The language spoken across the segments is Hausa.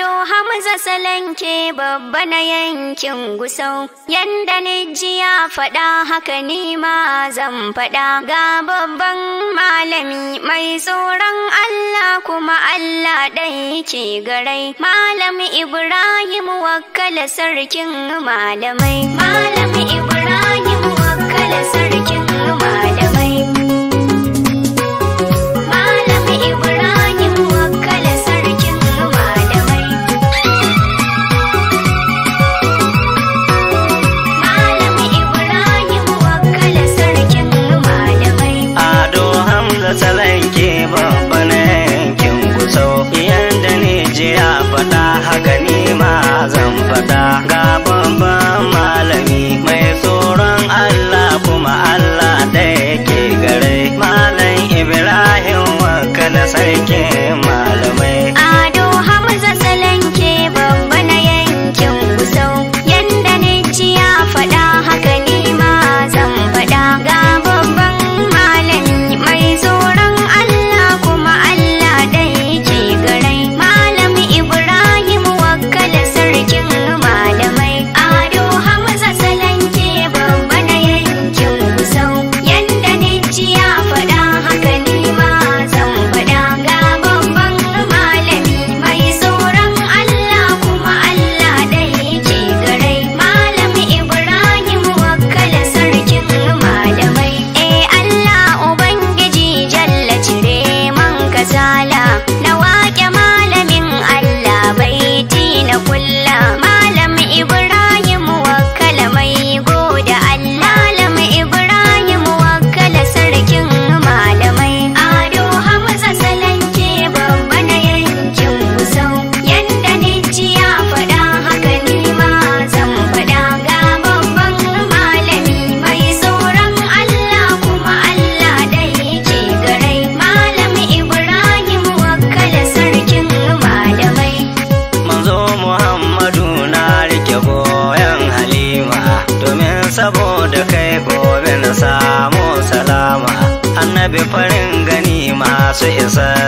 ado hamza salanke babba na yankin gusau yanda niji ya faɗa haka ni ma zan faɗa ga babban malami mai tsoron Allah kuma Allah ɗai yake garai malam Ibrahim wakkala sarkin malamai malami Ibrahim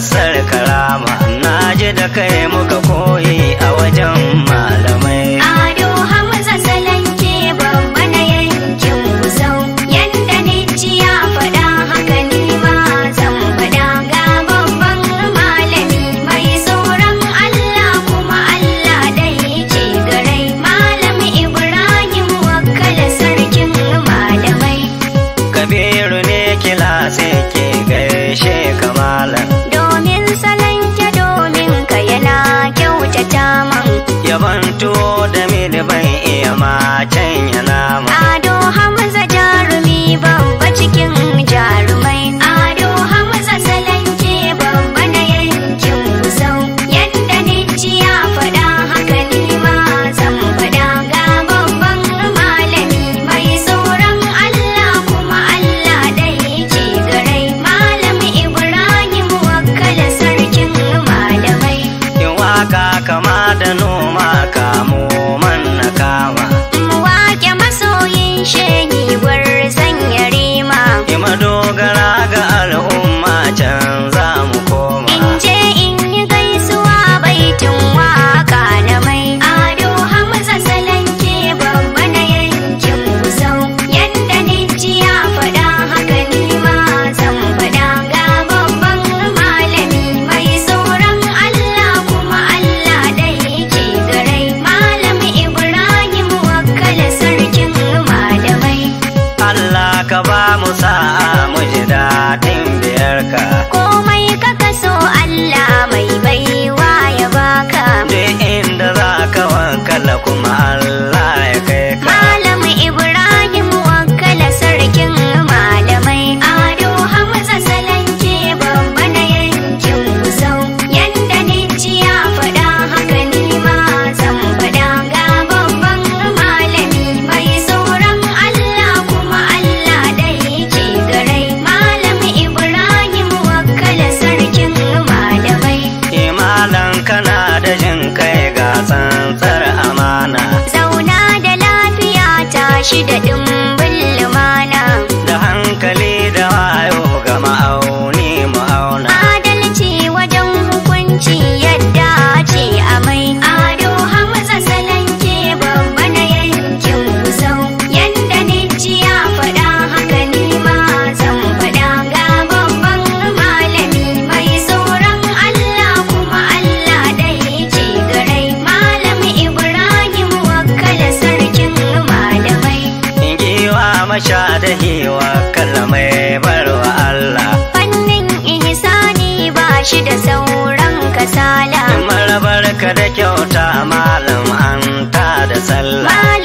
sassar karama na ji da kai muka koyi a wajen ka da kyauta malam an ta da sallah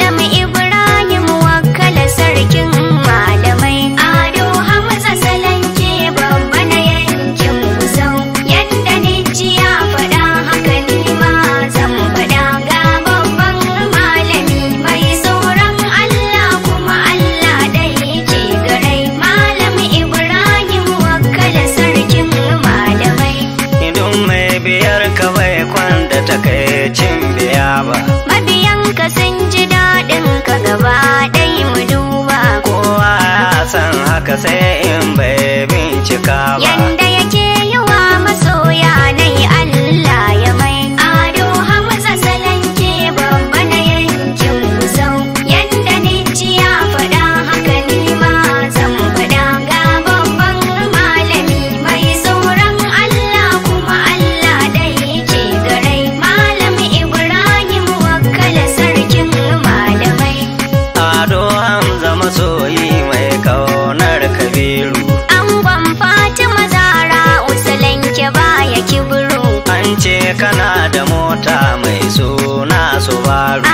my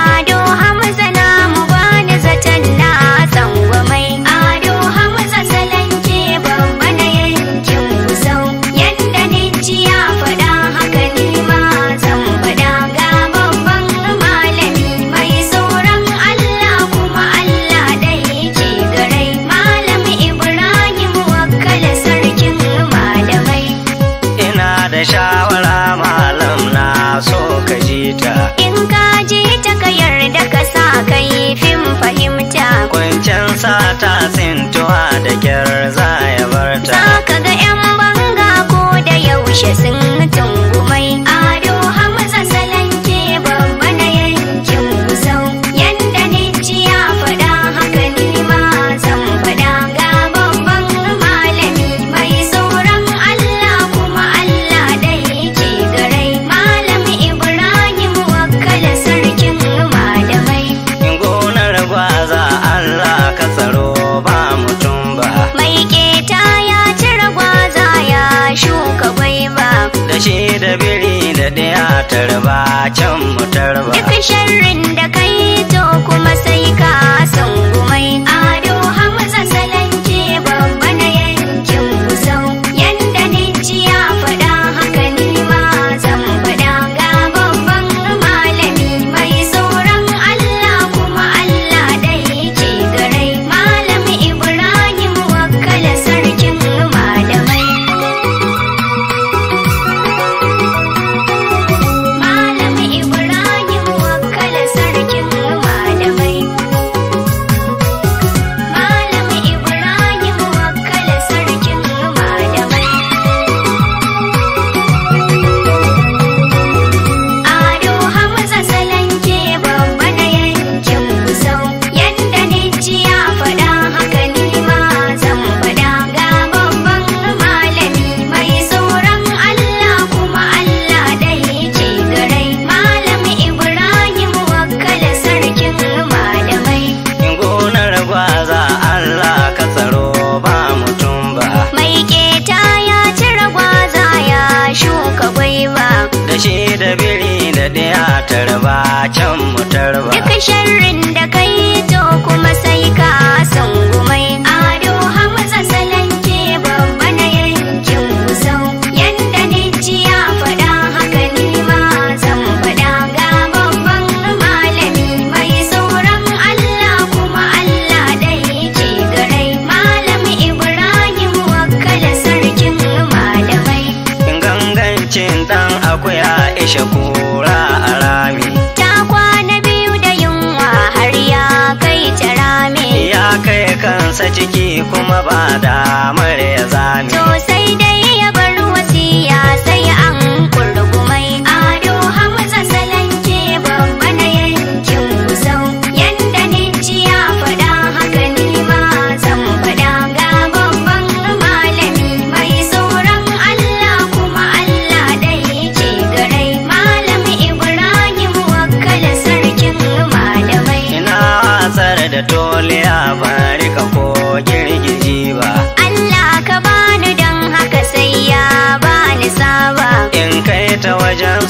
tarba can mu tarba. Duk sharrin da kai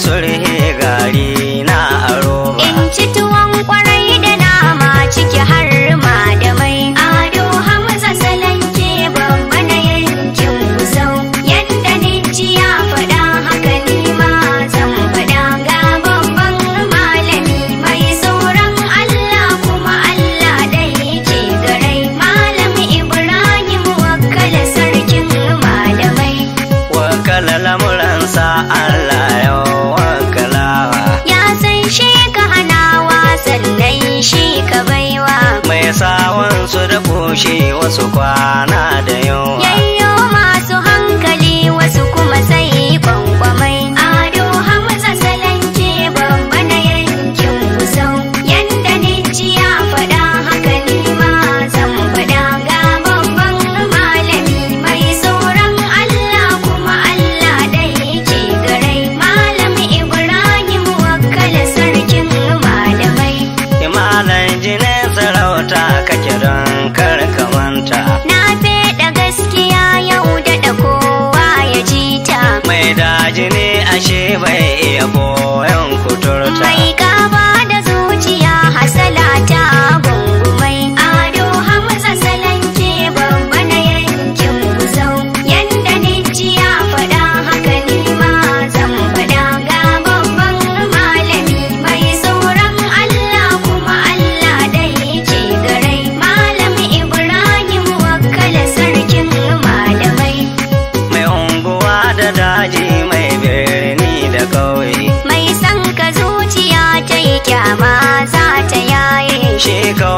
surhe gari na aro Inci In ci tuwon kwarai da nama ciki har ma da mai. Ado Hamza salanke babba na yankin kusau. Yadda ni ci ya faɗa haka ni ma zan faɗa. Ga babban malami mai sauran Allah kuma Allah dai ke garai. Malam Ibrahim wakala sarkin malamai. Wakala lamuransa 做官。ashe bai iya boyon kuturta. Mai gaba 借口。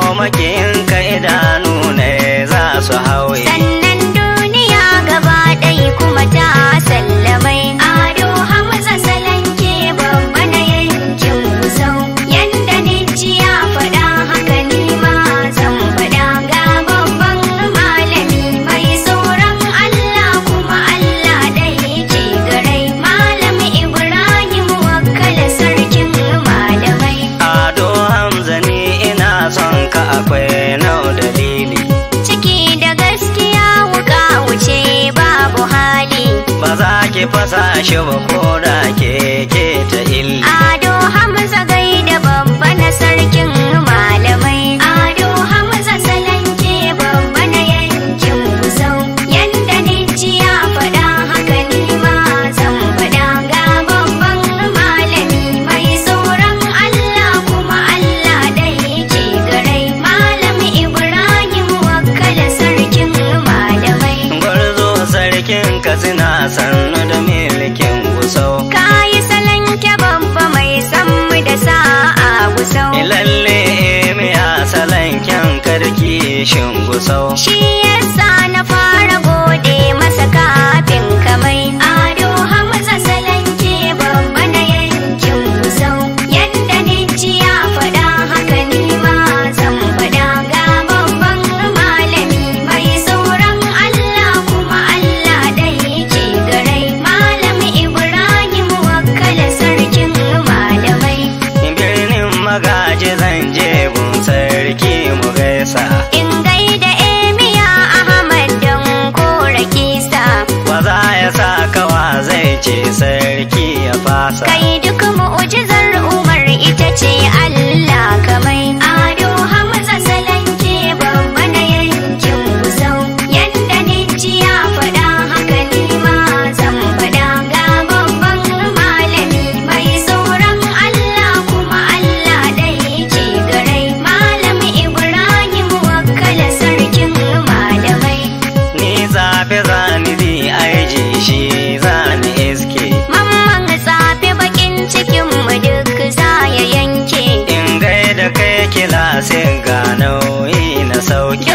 gusau. sin gano nauyi na sauki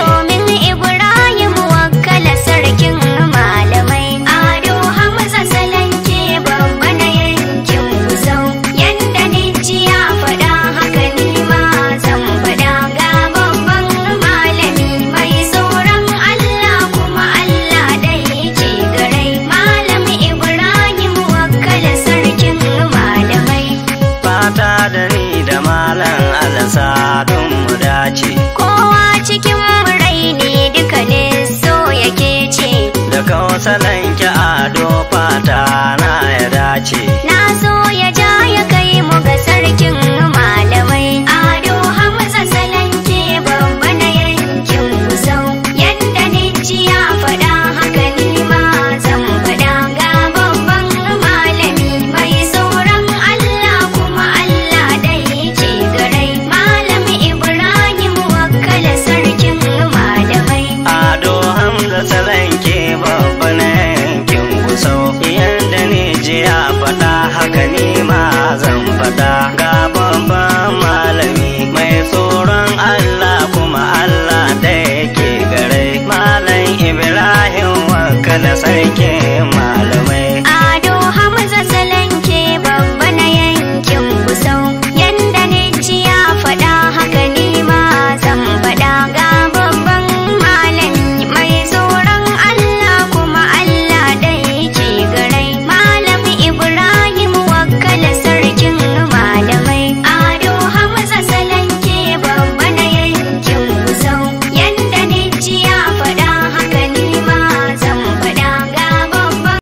quem queima